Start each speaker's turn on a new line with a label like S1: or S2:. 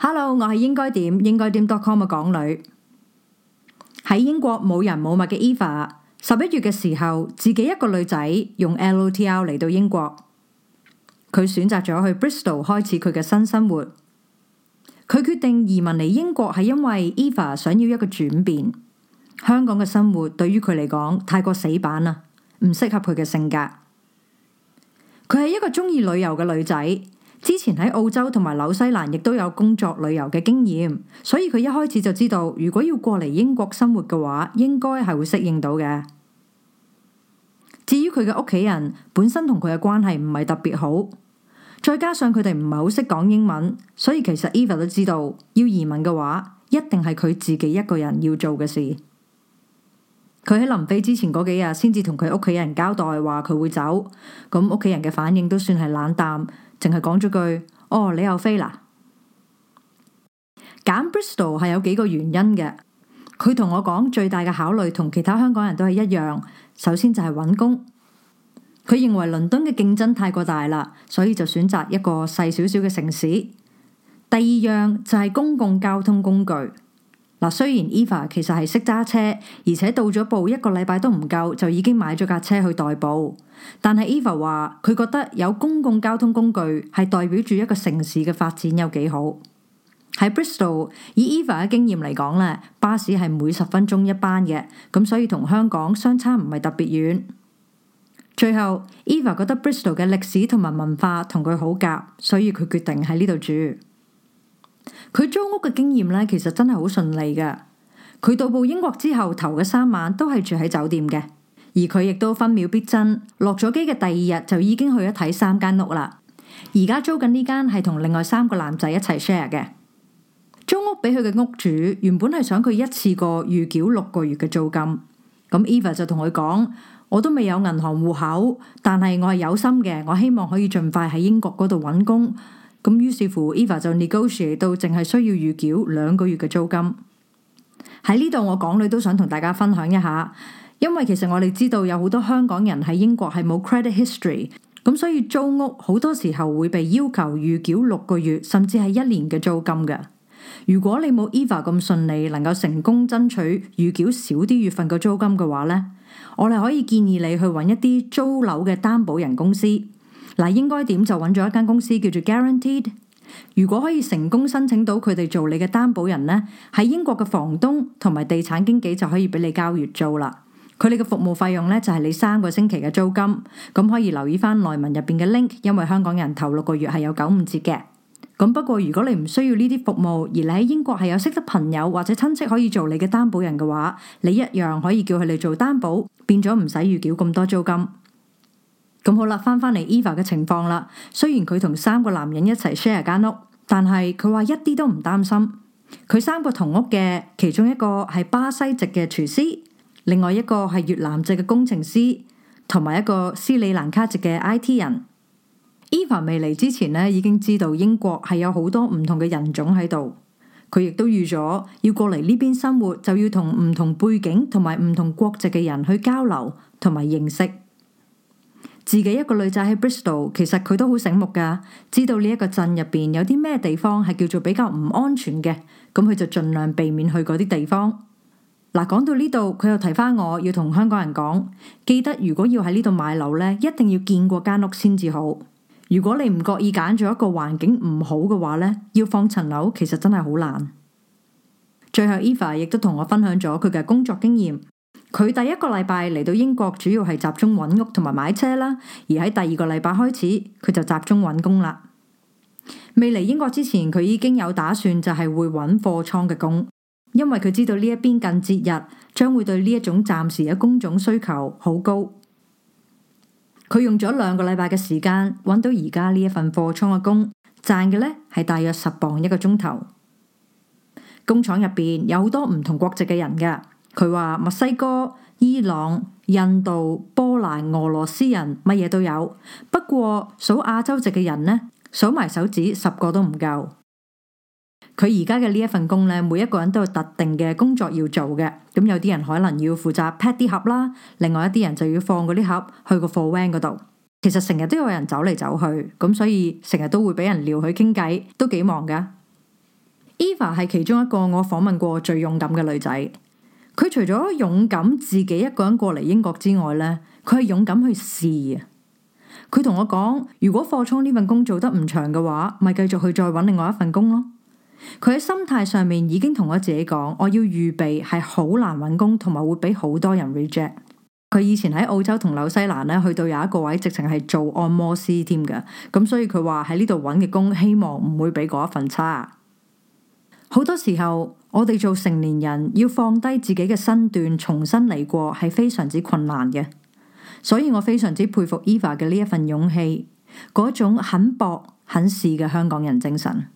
S1: Hello，我係應該點應該點 .com 嘅港女喺英國冇人冇物嘅 Eva，十一月嘅時候，自己一個女仔用 LTL 嚟到英國，佢選擇咗去 Bristol 開始佢嘅新生活。佢決定移民嚟英國係因為 Eva 想要一個轉變。香港嘅生活對於佢嚟講太過死板啦，唔適合佢嘅性格。佢係一個鍾意旅遊嘅女仔。之前喺澳洲同埋紐西蘭亦都有工作旅遊嘅經驗，所以佢一開始就知道如果要過嚟英國生活嘅話，應該係會適應到嘅。至於佢嘅屋企人本身同佢嘅關係唔係特別好，再加上佢哋唔係好識講英文，所以其實 Eva 都知道要移民嘅話，一定係佢自己一個人要做嘅事。佢喺臨飛之前嗰幾日，先至同佢屋企人交代話佢會走，咁屋企人嘅反應都算係冷淡。淨係講咗句，哦，你又飛啦？揀 Bristol 係有幾個原因嘅，佢同我講，最大嘅考慮同其他香港人都係一樣，首先就係揾工。佢認為倫敦嘅競爭太過大啦，所以就選擇一個細少少嘅城市。第二樣就係公共交通工具。嗱，雖然 Eva 其實係識揸車，而且到咗步一個禮拜都唔夠，就已經買咗架車去代步。但係 Eva 話佢覺得有公共交通工具係代表住一個城市嘅發展有幾好。喺 Bristol，以 Eva 嘅經驗嚟講咧，巴士係每十分鐘一班嘅，咁所以同香港相差唔係特別遠。最後 Eva 覺得 Bristol 嘅歷史同埋文化同佢好夾，所以佢決定喺呢度住。佢租屋嘅經驗咧，其實真係好順利嘅。佢到步英國之後，頭嘅三晚都係住喺酒店嘅，而佢亦都分秒必爭，落咗機嘅第二日就已經去咗睇三間屋啦。而家租緊呢間係同另外三個男仔一齊 share 嘅。租屋俾佢嘅屋主原本係想佢一次過預繳六個月嘅租金，咁 Eva 就同佢講：我都未有銀行戶口，但係我係有心嘅，我希望可以盡快喺英國嗰度揾工。咁於是乎，Eva 就 negotiate 到淨係需要預繳兩個月嘅租金。喺呢度，我港女都想同大家分享一下，因為其實我哋知道有好多香港人喺英國係冇 credit history，咁所以租屋好多時候會被要求預繳六個月甚至係一年嘅租金嘅。如果你冇 Eva 咁順利，能夠成功爭取預繳少啲月份嘅租金嘅話咧，我哋可以建議你去搵一啲租樓嘅擔保人公司。嗱，應該點就揾咗一間公司叫做 Guaranteed，如果可以成功申請到佢哋做你嘅擔保人呢，喺英國嘅房東同埋地產經紀就可以俾你交月租啦。佢哋嘅服務費用呢，就係你三個星期嘅租金，咁可以留意翻內文入邊嘅 link，因為香港人頭六個月係有九五折嘅。咁不過如果你唔需要呢啲服務，而你喺英國係有識得朋友或者親戚可以做你嘅擔保人嘅話，你一樣可以叫佢哋做擔保，變咗唔使預繳咁多租金。咁好啦，翻返嚟 Eva 嘅情況啦。雖然佢同三個男人一齊 share 間屋，但係佢話一啲都唔擔心。佢三個同屋嘅其中一個係巴西籍嘅廚師，另外一個係越南籍嘅工程師，同埋一個斯里蘭卡籍嘅 IT 人。Eva 未嚟之前呢，已經知道英國係有好多唔同嘅人種喺度。佢亦都預咗要過嚟呢邊生活，就要同唔同背景同埋唔同國籍嘅人去交流同埋認識。自己一個女仔喺 Bristol，其實佢都好醒目噶，知道呢一個鎮入邊有啲咩地方係叫做比較唔安全嘅，咁佢就盡量避免去嗰啲地方。嗱，講到呢度，佢又提翻我要同香港人講，記得如果要喺呢度買樓咧，一定要見過間屋先至好。如果你唔覺意揀咗一個環境唔好嘅話咧，要放層樓其實真係好難。最後，Eva 亦都同我分享咗佢嘅工作經驗。佢第一個禮拜嚟到英國，主要係集中揾屋同埋買車啦。而喺第二個禮拜開始，佢就集中揾工啦。未嚟英國之前，佢已經有打算，就係會揾貨倉嘅工，因為佢知道呢一邊近節日，將會對呢一種暫時嘅工種需求好高。佢用咗兩個禮拜嘅時間，揾到而家呢一份貨倉嘅工，賺嘅呢係大約十磅一個鐘頭。工廠入邊有好多唔同國籍嘅人噶。佢話墨西哥、伊朗、印度、波蘭、俄羅斯人乜嘢都有。不過數亞洲籍嘅人呢，數埋手指十個都唔夠。佢而家嘅呢一份工呢，每一個人都有特定嘅工作要做嘅。咁有啲人可能要負責 pack 啲盒啦，另外一啲人就要放嗰啲盒去個貨 van 嗰度。其實成日都有人走嚟走去，咁所以成日都會俾人撩佢傾偈，都幾忙噶。Eva 係其中一個我訪問過最勇敢嘅女仔。佢除咗勇敢自己一個人過嚟英國之外咧，佢係勇敢去試啊！佢同我講，如果貨倉呢份工做得唔長嘅話，咪繼續去再搵另外一份工咯。佢喺心態上面已經同我自己講，我要預備係好難搵工，同埋會俾好多人 reject。佢以前喺澳洲同紐西蘭咧，去到有一個位，直情係做按摩師添嘅。咁所以佢話喺呢度搵嘅工，希望唔會比嗰一份差。好多時候，我哋做成年人要放低自己嘅身段，重新嚟過，係非常之困難嘅。所以我非常之佩服 Eva 嘅呢一份勇氣，嗰種肯搏、肯試嘅香港人精神。